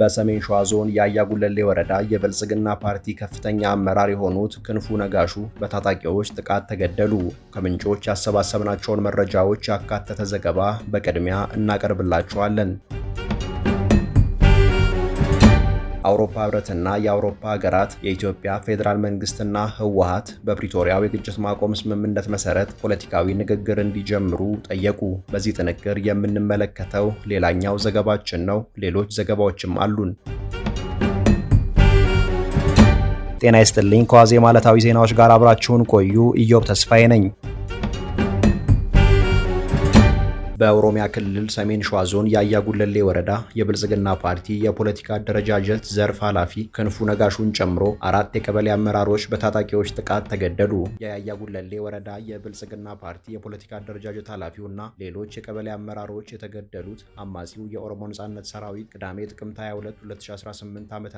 በሰሜን ሸዋ ዞን የአያ ጉለሌ ወረዳ የብልጽግና ፓርቲ ከፍተኛ አመራር የሆኑት ክንፉ ነጋሹ በታጣቂዎች ጥቃት ተገደሉ። ከምንጮች ያሰባሰብናቸውን መረጃዎች ያካተተ ዘገባ በቅድሚያ እናቀርብላችኋለን። አውሮፓ ህብረትና የአውሮፓ ሀገራት የኢትዮጵያ ፌዴራል መንግስትና ህወሀት በፕሪቶሪያው የግጭት ማቆም ስምምነት መሰረት ፖለቲካዊ ንግግር እንዲጀምሩ ጠየቁ። በዚህ ጥንቅር የምንመለከተው ሌላኛው ዘገባችን ነው። ሌሎች ዘገባዎችም አሉን። ጤና ይስጥልኝ። ከዋዜማ ዕለታዊ ዜናዎች ጋር አብራችሁን ቆዩ። ኢዮብ ተስፋዬ ነኝ። በኦሮሚያ ክልል ሰሜን ሸዋ ዞን የአያ ጉለሌ ወረዳ የብልጽግና ፓርቲ የፖለቲካ አደረጃጀት ዘርፍ ኃላፊ ክንፉ ነጋሹን ጨምሮ አራት የቀበሌ አመራሮች በታጣቂዎች ጥቃት ተገደሉ። የያያ ጉለሌ ወረዳ የብልጽግና ፓርቲ የፖለቲካ አደረጃጀት ኃላፊው እና ሌሎች የቀበሌ አመራሮች የተገደሉት አማጺው የኦሮሞ ነጻነት ሰራዊት ቅዳሜ ጥቅምት 22 2018 ዓ.ም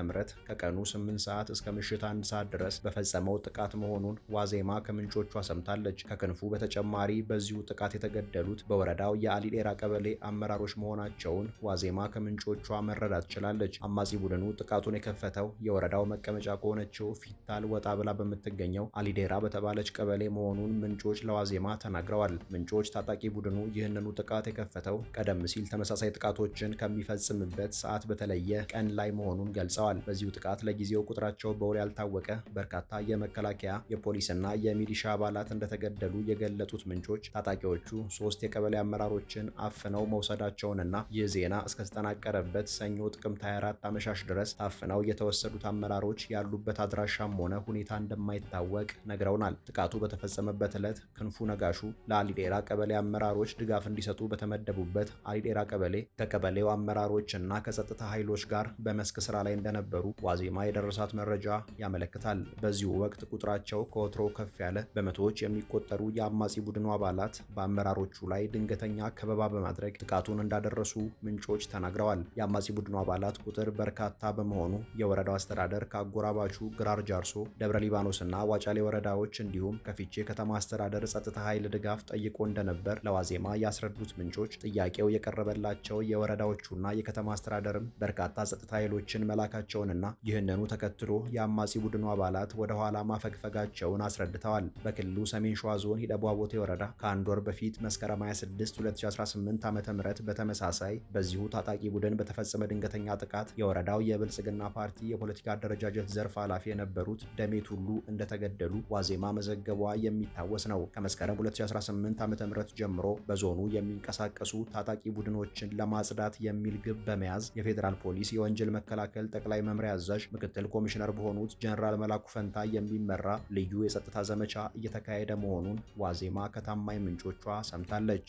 ከቀኑ 8 ሰዓት እስከ ምሽት 1 ሰዓት ድረስ በፈጸመው ጥቃት መሆኑን ዋዜማ ከምንጮቿ ሰምታለች። ከክንፉ በተጨማሪ በዚሁ ጥቃት የተገደሉት በወረዳው የአሊዴራ ቀበሌ አመራሮች መሆናቸውን ዋዜማ ከምንጮቿ መረዳት ችላለች። አማጺ ቡድኑ ጥቃቱን የከፈተው የወረዳው መቀመጫ ከሆነችው ፊታል ወጣ ብላ በምትገኘው አሊዴራ በተባለች ቀበሌ መሆኑን ምንጮች ለዋዜማ ተናግረዋል። ምንጮች ታጣቂ ቡድኑ ይህንኑ ጥቃት የከፈተው ቀደም ሲል ተመሳሳይ ጥቃቶችን ከሚፈጽምበት ሰዓት በተለየ ቀን ላይ መሆኑን ገልጸዋል። በዚሁ ጥቃት ለጊዜው ቁጥራቸው በውል ያልታወቀ በርካታ የመከላከያ የፖሊስና የሚሊሻ አባላት እንደተገደሉ የገለጡት ምንጮች ታጣቂዎቹ ሶስት የቀበሌ አመራሮች ኃይሎችን አፍነው መውሰዳቸውንና ይህ ዜና እስከተጠናቀረበት ሰኞ ጥቅምት 24 አመሻሽ ድረስ ታፍነው የተወሰዱት አመራሮች ያሉበት አድራሻም ሆነ ሁኔታ እንደማይታወቅ ነግረውናል። ጥቃቱ በተፈጸመበት ዕለት ክንፉ ነጋሹ ለአሊዴራ ቀበሌ አመራሮች ድጋፍ እንዲሰጡ በተመደቡበት አሊዴራ ቀበሌ ከቀበሌው አመራሮች እና ከጸጥታ ኃይሎች ጋር በመስክ ስራ ላይ እንደነበሩ ዋዜማ የደረሳት መረጃ ያመለክታል። በዚሁ ወቅት ቁጥራቸው ከወትሮ ከፍ ያለ በመቶዎች የሚቆጠሩ የአማጺ ቡድኑ አባላት በአመራሮቹ ላይ ድንገተኛ ከበባ በማድረግ ጥቃቱን እንዳደረሱ ምንጮች ተናግረዋል። የአማጺ ቡድኑ አባላት ቁጥር በርካታ በመሆኑ የወረዳው አስተዳደር ከአጎራባቹ ግራር ጃርሶ፣ ደብረ ሊባኖስና ዋጫሌ ወረዳዎች እንዲሁም ከፊቼ ከተማ አስተዳደር ጸጥታ ኃይል ድጋፍ ጠይቆ እንደነበር ለዋዜማ ያስረዱት ምንጮች ጥያቄው የቀረበላቸው የወረዳዎቹና የከተማ አስተዳደርም በርካታ ጸጥታ ኃይሎችን መላካቸውንና ይህንኑ ተከትሎ የአማጺ ቡድኑ አባላት ወደ ኋላ ማፈግፈጋቸውን አስረድተዋል። በክልሉ ሰሜን ሸዋ ዞን ሂደቧ ወረዳ ከአንድ ወር በፊት መስከረም 26 2018 ዓ ም በተመሳሳይ በዚሁ ታጣቂ ቡድን በተፈጸመ ድንገተኛ ጥቃት የወረዳው የብልጽግና ፓርቲ የፖለቲካ አደረጃጀት ዘርፍ ኃላፊ የነበሩት ደሜት ሁሉ እንደተገደሉ ዋዜማ መዘገቧ የሚታወስ ነው። ከመስከረም 2018 ዓ ም ጀምሮ በዞኑ የሚንቀሳቀሱ ታጣቂ ቡድኖችን ለማጽዳት የሚል ግብ በመያዝ የፌዴራል ፖሊስ የወንጀል መከላከል ጠቅላይ መምሪያ አዛዥ ምክትል ኮሚሽነር በሆኑት ጀኔራል መላኩ ፈንታ የሚመራ ልዩ የጸጥታ ዘመቻ እየተካሄደ መሆኑን ዋዜማ ከታማኝ ምንጮቿ ሰምታለች።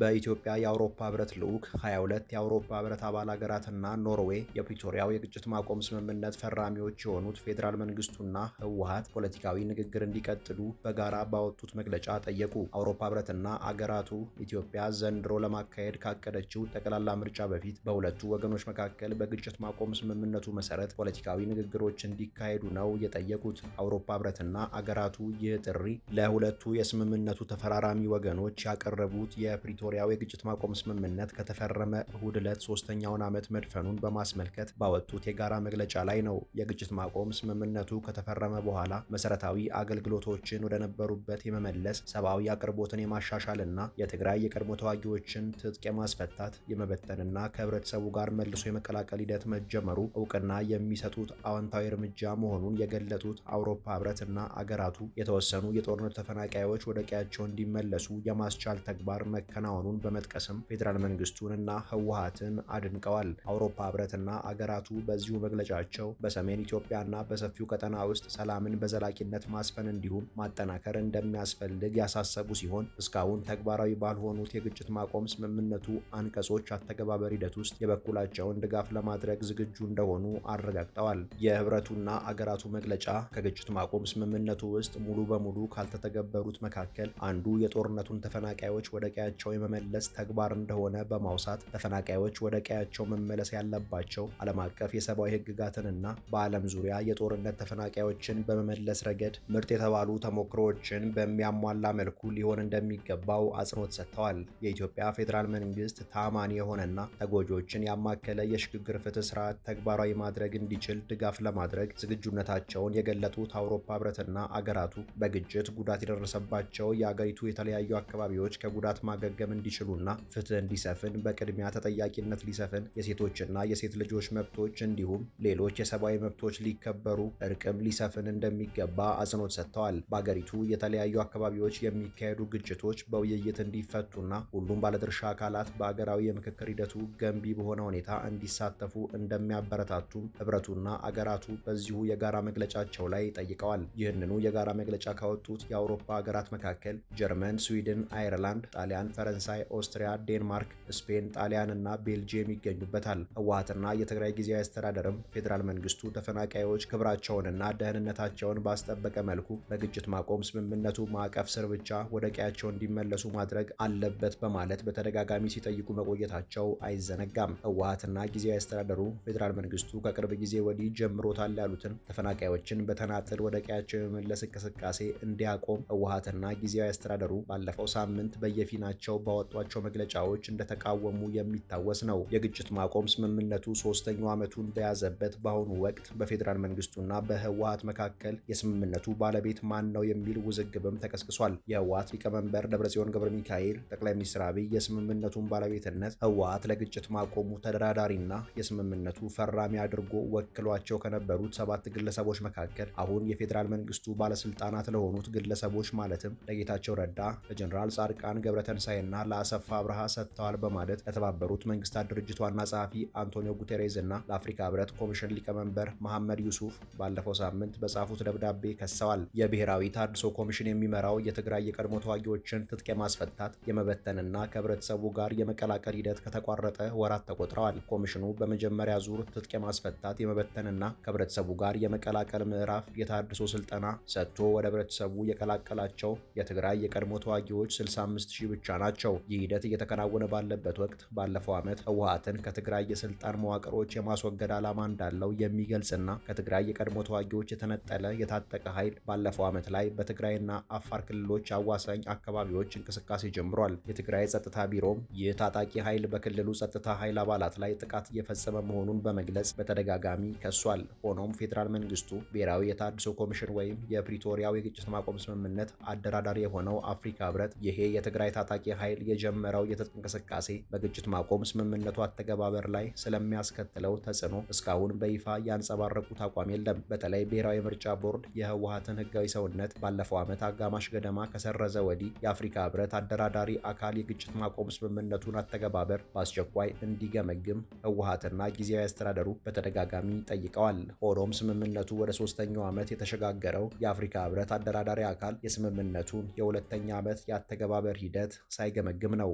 በኢትዮጵያ የአውሮፓ ህብረት ልዑክ 22 የአውሮፓ ህብረት አባል ሀገራትና ኖርዌይ የፕሪቶሪያው የግጭት ማቆም ስምምነት ፈራሚዎች የሆኑት ፌዴራል መንግስቱና ህወሀት ፖለቲካዊ ንግግር እንዲቀጥሉ በጋራ ባወጡት መግለጫ ጠየቁ። አውሮፓ ህብረትና አገራቱ ኢትዮጵያ ዘንድሮ ለማካሄድ ካቀደችው ጠቅላላ ምርጫ በፊት በሁለቱ ወገኖች መካከል በግጭት ማቆም ስምምነቱ መሰረት ፖለቲካዊ ንግግሮች እንዲካሄዱ ነው የጠየቁት። አውሮፓ ህብረትና አገራቱ ይህ ጥሪ ለሁለቱ የስምምነቱ ተፈራራሚ ወገኖች ያቀረቡት የፕሪቶ የሶሪያው የግጭት ማቆም ስምምነት ከተፈረመ እሁድ ዕለት ሶስተኛውን ዓመት መድፈኑን በማስመልከት ባወጡት የጋራ መግለጫ ላይ ነው። የግጭት ማቆም ስምምነቱ ከተፈረመ በኋላ መሰረታዊ አገልግሎቶችን ወደነበሩበት የመመለስ ሰብአዊ አቅርቦትን የማሻሻልና የትግራይ የቀድሞ ተዋጊዎችን ትጥቅ የማስፈታት የመበተንና ከህብረተሰቡ ጋር መልሶ የመቀላቀል ሂደት መጀመሩ እውቅና የሚሰጡት አዎንታዊ እርምጃ መሆኑን የገለጡት አውሮፓ ህብረት እና አገራቱ የተወሰኑ የጦርነት ተፈናቃዮች ወደ ቀያቸው እንዲመለሱ የማስቻል ተግባር መከናወኑ መሆኑን በመጥቀስም ፌዴራል መንግስቱንና ህወሀትን አድንቀዋል። አውሮፓ ህብረትና አገራቱ በዚሁ መግለጫቸው በሰሜን ኢትዮጵያና በሰፊው ቀጠና ውስጥ ሰላምን በዘላቂነት ማስፈን እንዲሁም ማጠናከር እንደሚያስፈልግ ያሳሰቡ ሲሆን እስካሁን ተግባራዊ ባልሆኑት የግጭት ማቆም ስምምነቱ አንቀጾች አተገባበር ሂደት ውስጥ የበኩላቸውን ድጋፍ ለማድረግ ዝግጁ እንደሆኑ አረጋግጠዋል። የህብረቱና አገራቱ መግለጫ ከግጭት ማቆም ስምምነቱ ውስጥ ሙሉ በሙሉ ካልተተገበሩት መካከል አንዱ የጦርነቱን ተፈናቃዮች ወደ ቀያቸው የመመለስ ተግባር እንደሆነ በማውሳት ተፈናቃዮች ወደ ቀያቸው መመለስ ያለባቸው ዓለም አቀፍ የሰብአዊ ሕግጋትንና በዓለም ዙሪያ የጦርነት ተፈናቃዮችን በመመለስ ረገድ ምርጥ የተባሉ ተሞክሮዎችን በሚያሟላ መልኩ ሊሆን እንደሚገባው አጽንኦት ሰጥተዋል። የኢትዮጵያ ፌዴራል መንግስት ታማኒ የሆነና ተጎጂዎችን ያማከለ የሽግግር ፍትህ ስርዓት ተግባራዊ ማድረግ እንዲችል ድጋፍ ለማድረግ ዝግጁነታቸውን የገለጡት አውሮፓ ህብረትና አገራቱ በግጭት ጉዳት የደረሰባቸው የአገሪቱ የተለያዩ አካባቢዎች ከጉዳት ማገገም መታደም እንዲችሉና ፍትህ እንዲሰፍን በቅድሚያ ተጠያቂነት ሊሰፍን የሴቶችና የሴት ልጆች መብቶች እንዲሁም ሌሎች የሰብአዊ መብቶች ሊከበሩ እርቅም ሊሰፍን እንደሚገባ አጽንኦት ሰጥተዋል። በአገሪቱ የተለያዩ አካባቢዎች የሚካሄዱ ግጭቶች በውይይት እንዲፈቱና ሁሉም ባለድርሻ አካላት በአገራዊ የምክክር ሂደቱ ገንቢ በሆነ ሁኔታ እንዲሳተፉ እንደሚያበረታቱም ህብረቱና አገራቱ በዚሁ የጋራ መግለጫቸው ላይ ጠይቀዋል። ይህንኑ የጋራ መግለጫ ካወጡት የአውሮፓ ሀገራት መካከል ጀርመን፣ ስዊድን፣ አይርላንድ፣ ጣሊያን፣ ፈረንሳይ ፈረንሳይ፣ ኦስትሪያ፣ ዴንማርክ፣ ስፔን፣ ጣሊያን እና ቤልጅየም ይገኙበታል። ህወሀትና የትግራይ ጊዜያዊ አስተዳደርም ፌዴራል መንግስቱ ተፈናቃዮች ክብራቸውንና ደህንነታቸውን ባስጠበቀ መልኩ በግጭት ማቆም ስምምነቱ ማዕቀፍ ስር ብቻ ወደ ቀያቸው እንዲመለሱ ማድረግ አለበት በማለት በተደጋጋሚ ሲጠይቁ መቆየታቸው አይዘነጋም። ህወሀትና ጊዜያዊ አስተዳደሩ ፌዴራል መንግስቱ ከቅርብ ጊዜ ወዲህ ጀምሮታል ያሉትን ተፈናቃዮችን በተናጥል ወደ ቀያቸው የመመለስ እንቅስቃሴ እንዲያቆም ህወሀትና ጊዜያዊ አስተዳደሩ ባለፈው ሳምንት በየፊናቸው ባወጧቸው መግለጫዎች እንደተቃወሙ የሚታወስ ነው። የግጭት ማቆም ስምምነቱ ሶስተኛው ዓመቱን በያዘበት በአሁኑ ወቅት በፌዴራል መንግስቱና በህወሀት መካከል የስምምነቱ ባለቤት ማን ነው የሚል ውዝግብም ተቀስቅሷል። የህወሀት ሊቀመንበር ደብረጽዮን ገብረ ሚካኤል ጠቅላይ ሚኒስትር አብይ የስምምነቱን ባለቤትነት ህወሀት ለግጭት ማቆሙ ተደራዳሪና የስምምነቱ ፈራሚ አድርጎ ወክሏቸው ከነበሩት ሰባት ግለሰቦች መካከል አሁን የፌዴራል መንግስቱ ባለስልጣናት ለሆኑት ግለሰቦች ማለትም ለጌታቸው ረዳ፣ ለጀኔራል ጻድቃን ገብረተንሳይና እውቅና ለአሰፋ አብርሃ ሰጥተዋል በማለት ለተባበሩት መንግስታት ድርጅት ዋና ጸሐፊ አንቶኒዮ ጉቴሬዝ እና ለአፍሪካ ህብረት ኮሚሽን ሊቀመንበር መሐመድ ዩሱፍ ባለፈው ሳምንት በጻፉት ደብዳቤ ከሰዋል። የብሔራዊ ታድሶ ኮሚሽን የሚመራው የትግራይ የቀድሞ ተዋጊዎችን ትጥቅ የማስፈታት የመበተንና ከህብረተሰቡ ጋር የመቀላቀል ሂደት ከተቋረጠ ወራት ተቆጥረዋል። ኮሚሽኑ በመጀመሪያ ዙር ትጥቅ የማስፈታት የመበተንና ከህብረተሰቡ ጋር የመቀላቀል ምዕራፍ የታድሶ ስልጠና ሰጥቶ ወደ ህብረተሰቡ የቀላቀላቸው የትግራይ የቀድሞ ተዋጊዎች 65 ሺህ ብቻ ናቸው። ናቸው። ይህ ሂደት እየተከናወነ ባለበት ወቅት ባለፈው ዓመት ህወሀትን ከትግራይ የስልጣን መዋቅሮች የማስወገድ ዓላማ እንዳለው የሚገልጽና ከትግራይ የቀድሞ ተዋጊዎች የተነጠለ የታጠቀ ኃይል ባለፈው ዓመት ላይ በትግራይና አፋር ክልሎች አዋሳኝ አካባቢዎች እንቅስቃሴ ጀምሯል። የትግራይ ጸጥታ ቢሮም ይህ ታጣቂ ኃይል በክልሉ ጸጥታ ኃይል አባላት ላይ ጥቃት እየፈጸመ መሆኑን በመግለጽ በተደጋጋሚ ከሷል። ሆኖም ፌዴራል መንግስቱ ብሔራዊ የታድሶ ኮሚሽን ወይም የፕሪቶሪያው የግጭት ማቆም ስምምነት አደራዳሪ የሆነው አፍሪካ ህብረት ይሄ የትግራይ ታጣቂ ኃይል የጀመረው የትጥቅ እንቅስቃሴ በግጭት ማቆም ስምምነቱ አተገባበር ላይ ስለሚያስከትለው ተጽዕኖ እስካሁን በይፋ ያንጸባረቁት አቋም የለም። በተለይ ብሔራዊ ምርጫ ቦርድ የህወሀትን ህጋዊ ሰውነት ባለፈው ዓመት አጋማሽ ገደማ ከሰረዘ ወዲህ የአፍሪካ ህብረት አደራዳሪ አካል የግጭት ማቆም ስምምነቱን አተገባበር በአስቸኳይ እንዲገመግም ህወሀትና ጊዜያዊ አስተዳደሩ በተደጋጋሚ ጠይቀዋል። ሆኖም ስምምነቱ ወደ ሶስተኛው ዓመት የተሸጋገረው የአፍሪካ ህብረት አደራዳሪ አካል የስምምነቱን የሁለተኛ ዓመት የአተገባበር ሂደት ሳይገመ የሚገመግም ነው።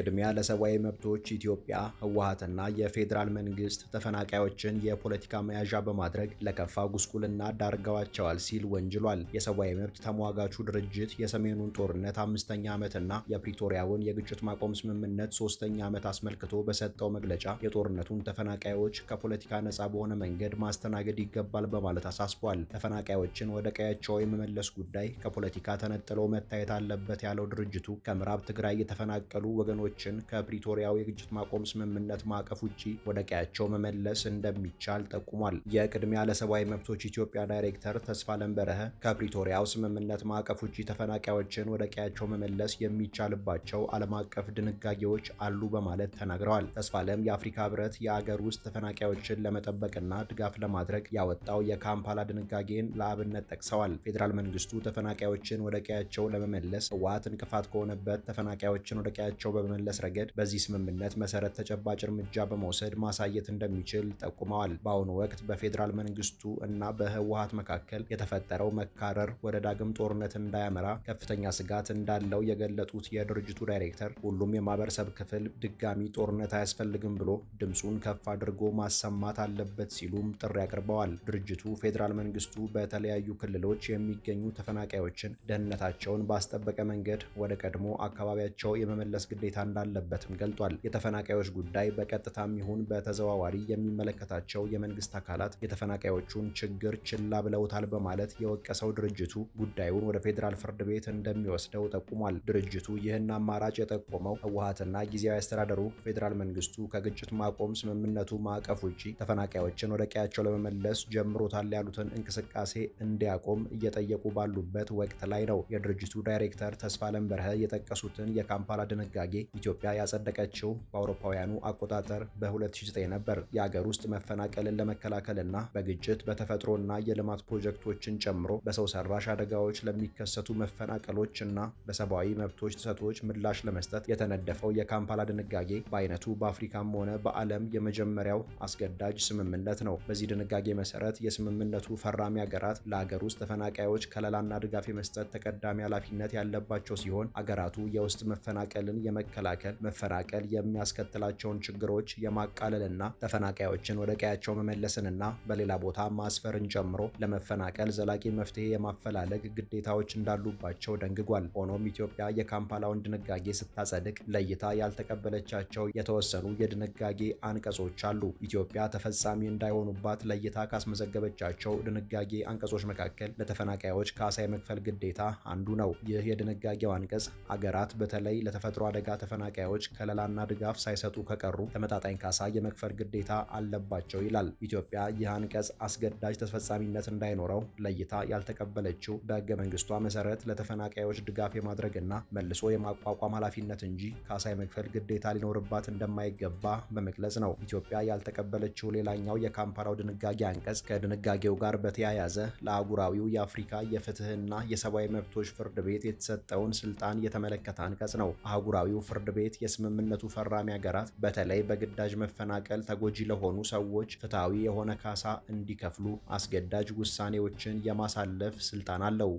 ቅድሚያ ለሰብአዊ መብቶች ኢትዮጵያ ህወሀትና የፌዴራል መንግስት ተፈናቃዮችን የፖለቲካ መያዣ በማድረግ ለከፋ ጉስቁልና ዳርገዋቸዋል ሲል ወንጅሏል። የሰብአዊ መብት ተሟጋቹ ድርጅት የሰሜኑን ጦርነት አምስተኛ ዓመትና የፕሪቶሪያውን የግጭት ማቆም ስምምነት ሶስተኛ ዓመት አስመልክቶ በሰጠው መግለጫ የጦርነቱን ተፈናቃዮች ከፖለቲካ ነጻ በሆነ መንገድ ማስተናገድ ይገባል በማለት አሳስቧል። ተፈናቃዮችን ወደ ቀያቸው የመመለስ ጉዳይ ከፖለቲካ ተነጥሎ መታየት አለበት ያለው ድርጅቱ ከምዕራብ ትግራይ የተፈናቀሉ ወገኖች ስደተኞችን ከፕሪቶሪያው የግጭት ማቆም ስምምነት ማዕቀፍ ውጪ ወደ ቀያቸው መመለስ እንደሚቻል ጠቁሟል። የቅድሚያ ለሰብአዊ መብቶች ኢትዮጵያ ዳይሬክተር ተስፋለም በረሀ ከፕሪቶሪያው ስምምነት ማዕቀፍ ውጪ ተፈናቃዮችን ወደ ቀያቸው መመለስ የሚቻልባቸው ዓለም አቀፍ ድንጋጌዎች አሉ በማለት ተናግረዋል። ተስፋለም የአፍሪካ ህብረት የአገር ውስጥ ተፈናቃዮችን ለመጠበቅና ድጋፍ ለማድረግ ያወጣው የካምፓላ ድንጋጌን ለአብነት ጠቅሰዋል። ፌዴራል መንግስቱ ተፈናቃዮችን ወደ ቀያቸው ለመመለስ ህወሓት እንቅፋት ከሆነበት ተፈናቃዮችን ወደ ቀያቸው በመመለስ በማስመለስ ረገድ በዚህ ስምምነት መሰረት ተጨባጭ እርምጃ በመውሰድ ማሳየት እንደሚችል ጠቁመዋል። በአሁኑ ወቅት በፌዴራል መንግስቱ እና በህወሀት መካከል የተፈጠረው መካረር ወደ ዳግም ጦርነት እንዳያመራ ከፍተኛ ስጋት እንዳለው የገለጡት የድርጅቱ ዳይሬክተር ሁሉም የማህበረሰብ ክፍል ድጋሚ ጦርነት አያስፈልግም ብሎ ድምፁን ከፍ አድርጎ ማሰማት አለበት ሲሉም ጥሪ አቅርበዋል። ድርጅቱ ፌዴራል መንግስቱ በተለያዩ ክልሎች የሚገኙ ተፈናቃዮችን ደህንነታቸውን ባስጠበቀ መንገድ ወደ ቀድሞ አካባቢያቸው የመመለስ ግዴታ እንዳለበትም ገልጧል። የተፈናቃዮች ጉዳይ በቀጥታም ይሁን በተዘዋዋሪ የሚመለከታቸው የመንግስት አካላት የተፈናቃዮቹን ችግር ችላ ብለውታል በማለት የወቀሰው ድርጅቱ ጉዳዩን ወደ ፌዴራል ፍርድ ቤት እንደሚወስደው ጠቁሟል። ድርጅቱ ይህን አማራጭ የጠቆመው ህወሀትና ጊዜያዊ አስተዳደሩ ፌዴራል መንግስቱ ከግጭት ማቆም ስምምነቱ ማዕቀፍ ውጪ ተፈናቃዮችን ወደ ቀያቸው ለመመለስ ጀምሮታል ያሉትን እንቅስቃሴ እንዲያቆም እየጠየቁ ባሉበት ወቅት ላይ ነው። የድርጅቱ ዳይሬክተር ተስፋለም በርሀ የጠቀሱትን የካምፓላ ድንጋጌ ኢትዮጵያ ያጸደቀችው በአውሮፓውያኑ አቆጣጠር በ2009 ነበር። የአገር ውስጥ መፈናቀልን ለመከላከልና በግጭት በተፈጥሮና የልማት ፕሮጀክቶችን ጨምሮ በሰው ሰራሽ አደጋዎች ለሚከሰቱ መፈናቀሎች እና በሰብአዊ መብቶች ጥሰቶች ምላሽ ለመስጠት የተነደፈው የካምፓላ ድንጋጌ በአይነቱ በአፍሪካም ሆነ በዓለም የመጀመሪያው አስገዳጅ ስምምነት ነው። በዚህ ድንጋጌ መሰረት የስምምነቱ ፈራሚ ሀገራት ለአገር ውስጥ ተፈናቃዮች ከለላና ድጋፍ የመስጠት ተቀዳሚ ኃላፊነት ያለባቸው ሲሆን አገራቱ የውስጥ መፈናቀልን የመከ መከላከል፣ መፈናቀል የሚያስከትላቸውን ችግሮች የማቃለልና ተፈናቃዮችን ወደ ቀያቸው መመለስንና በሌላ ቦታ ማስፈርን ጨምሮ ለመፈናቀል ዘላቂ መፍትሄ የማፈላለግ ግዴታዎች እንዳሉባቸው ደንግጓል። ሆኖም ኢትዮጵያ የካምፓላውን ድንጋጌ ስታጸድቅ ለይታ ያልተቀበለቻቸው የተወሰኑ የድንጋጌ አንቀጾች አሉ። ኢትዮጵያ ተፈጻሚ እንዳይሆኑባት ለይታ ካስመዘገበቻቸው ድንጋጌ አንቀጾች መካከል ለተፈናቃዮች ካሳ የመክፈል ግዴታ አንዱ ነው። ይህ የድንጋጌው አንቀጽ አገራት በተለይ ለተፈጥሮ አደጋ ተፈናቃዮች ከለላና ድጋፍ ሳይሰጡ ከቀሩ ተመጣጣኝ ካሳ የመክፈል ግዴታ አለባቸው ይላል። ኢትዮጵያ ይህ አንቀጽ አስገዳጅ ተፈጻሚነት እንዳይኖረው ለይታ ያልተቀበለችው በህገ መንግስቷ መሰረት ለተፈናቃዮች ድጋፍ የማድረግና መልሶ የማቋቋም ኃላፊነት እንጂ ካሳ የመክፈል ግዴታ ሊኖርባት እንደማይገባ በመግለጽ ነው። ኢትዮጵያ ያልተቀበለችው ሌላኛው የካምፓላው ድንጋጌ አንቀጽ ከድንጋጌው ጋር በተያያዘ ለአህጉራዊው የአፍሪካ የፍትህና የሰብአዊ መብቶች ፍርድ ቤት የተሰጠውን ስልጣን የተመለከተ አንቀጽ ነው። አህጉራዊው ፍርድ ፍርድ ቤት የስምምነቱ ፈራሚ ሀገራት በተለይ በግዳጅ መፈናቀል ተጎጂ ለሆኑ ሰዎች ፍትሐዊ የሆነ ካሳ እንዲከፍሉ አስገዳጅ ውሳኔዎችን የማሳለፍ ስልጣን አለው።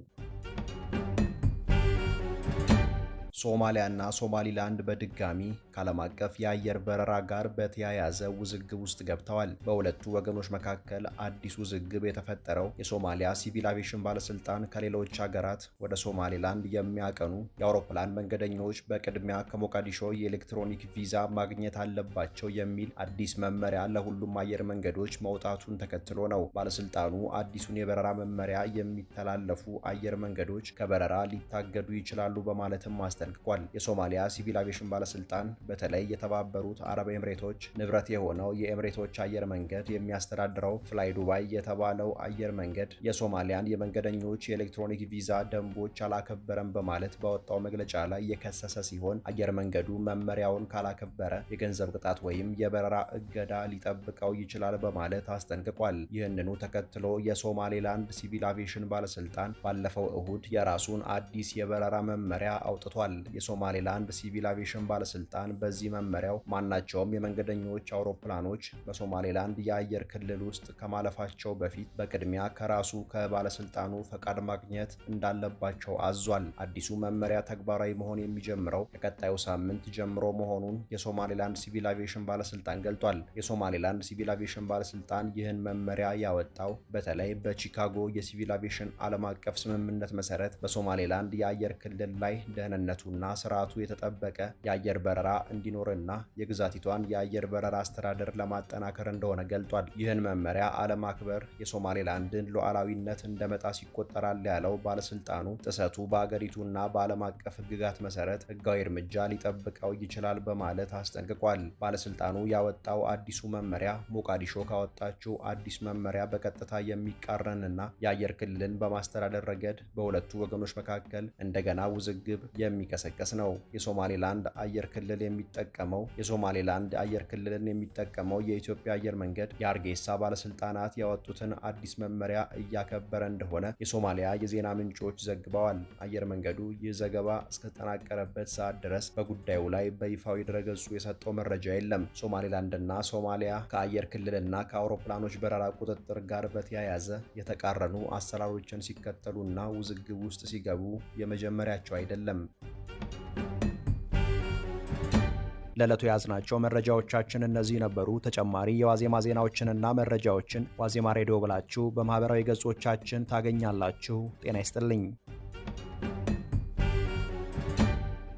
ሶማሊያና ሶማሊላንድ በድጋሚ ከዓለም አቀፍ የአየር በረራ ጋር በተያያዘ ውዝግብ ውስጥ ገብተዋል። በሁለቱ ወገኖች መካከል አዲስ ውዝግብ የተፈጠረው የሶማሊያ ሲቪል አቪሽን ባለስልጣን ከሌሎች ሀገራት ወደ ሶማሌላንድ የሚያቀኑ የአውሮፕላን መንገደኞች በቅድሚያ ከሞቃዲሾ የኤሌክትሮኒክ ቪዛ ማግኘት አለባቸው የሚል አዲስ መመሪያ ለሁሉም አየር መንገዶች መውጣቱን ተከትሎ ነው። ባለስልጣኑ አዲሱን የበረራ መመሪያ የሚተላለፉ አየር መንገዶች ከበረራ ሊታገዱ ይችላሉ በማለትም አስጠንቅቋል። የሶማሊያ ሲቪል አቪሽን ባለስልጣን በተለይ የተባበሩት አረብ ኤምሬቶች ንብረት የሆነው የኤምሬቶች አየር መንገድ የሚያስተዳድረው ፍላይ ዱባይ የተባለው አየር መንገድ የሶማሊያን የመንገደኞች የኤሌክትሮኒክ ቪዛ ደንቦች አላከበረም በማለት በወጣው መግለጫ ላይ የከሰሰ ሲሆን አየር መንገዱ መመሪያውን ካላከበረ የገንዘብ ቅጣት ወይም የበረራ እገዳ ሊጠብቀው ይችላል በማለት አስጠንቅቋል። ይህንኑ ተከትሎ የሶማሌላንድ ሲቪል አቪዬሽን ባለስልጣን ባለፈው እሁድ የራሱን አዲስ የበረራ መመሪያ አውጥቷል። የሶማሌላንድ ሲቪል አቪዬሽን ባለስልጣን በዚህ መመሪያው ማናቸውም የመንገደኞች አውሮፕላኖች በሶማሌላንድ የአየር ክልል ውስጥ ከማለፋቸው በፊት በቅድሚያ ከራሱ ከባለስልጣኑ ፈቃድ ማግኘት እንዳለባቸው አዟል። አዲሱ መመሪያ ተግባራዊ መሆን የሚጀምረው ከቀጣዩ ሳምንት ጀምሮ መሆኑን የሶማሌላንድ ሲቪል አቪዬሽን ባለስልጣን ገልጧል። የሶማሌላንድ ሲቪል አቪዬሽን ባለስልጣን ይህን መመሪያ ያወጣው በተለይ በቺካጎ የሲቪል አቪዬሽን ዓለም አቀፍ ስምምነት መሰረት በሶማሌላንድ የአየር ክልል ላይ ደህንነቱና ስርዓቱ የተጠበቀ የአየር በረራ እንዲኖርና የግዛቲቷን የአየር በረራ አስተዳደር ለማጠናከር እንደሆነ ገልጧል። ይህን መመሪያ አለማክበር የሶማሌላንድን ሉዓላዊነት እንደመጣስ ይቆጠራል ያለው ባለስልጣኑ ጥሰቱ በአገሪቱና በዓለም አቀፍ ሕግጋት መሰረት ሕጋዊ እርምጃ ሊጠብቀው ይችላል በማለት አስጠንቅቋል። ባለስልጣኑ ያወጣው አዲሱ መመሪያ ሞቃዲሾ ካወጣችው አዲስ መመሪያ በቀጥታ የሚቃረንና የአየር ክልልን በማስተዳደር ረገድ በሁለቱ ወገኖች መካከል እንደገና ውዝግብ የሚቀሰቀስ ነው። የሶማሌላንድ አየር ክልል የሚጠቀመው የሶማሌላንድ አየር ክልልን የሚጠቀመው የኢትዮጵያ አየር መንገድ የአርጌሳ ባለስልጣናት ያወጡትን አዲስ መመሪያ እያከበረ እንደሆነ የሶማሊያ የዜና ምንጮች ዘግበዋል። አየር መንገዱ ይህ ዘገባ እስከተጠናቀረበት ሰዓት ድረስ በጉዳዩ ላይ በይፋዊ ድረገጹ የሰጠው መረጃ የለም። ሶማሌላንድና ሶማሊያ ከአየር ክልልና ከአውሮፕላኖች በረራ ቁጥጥር ጋር በተያያዘ የተቃረኑ አሰራሮችን ሲከተሉና ውዝግብ ውስጥ ሲገቡ የመጀመሪያቸው አይደለም። ለዕለቱ የያዝናቸው መረጃዎቻችን እነዚህ ነበሩ። ተጨማሪ የዋዜማ ዜናዎችንና መረጃዎችን ዋዜማ ሬዲዮ ብላችሁ በማኅበራዊ ገጾቻችን ታገኛላችሁ። ጤና ይስጥልኝ።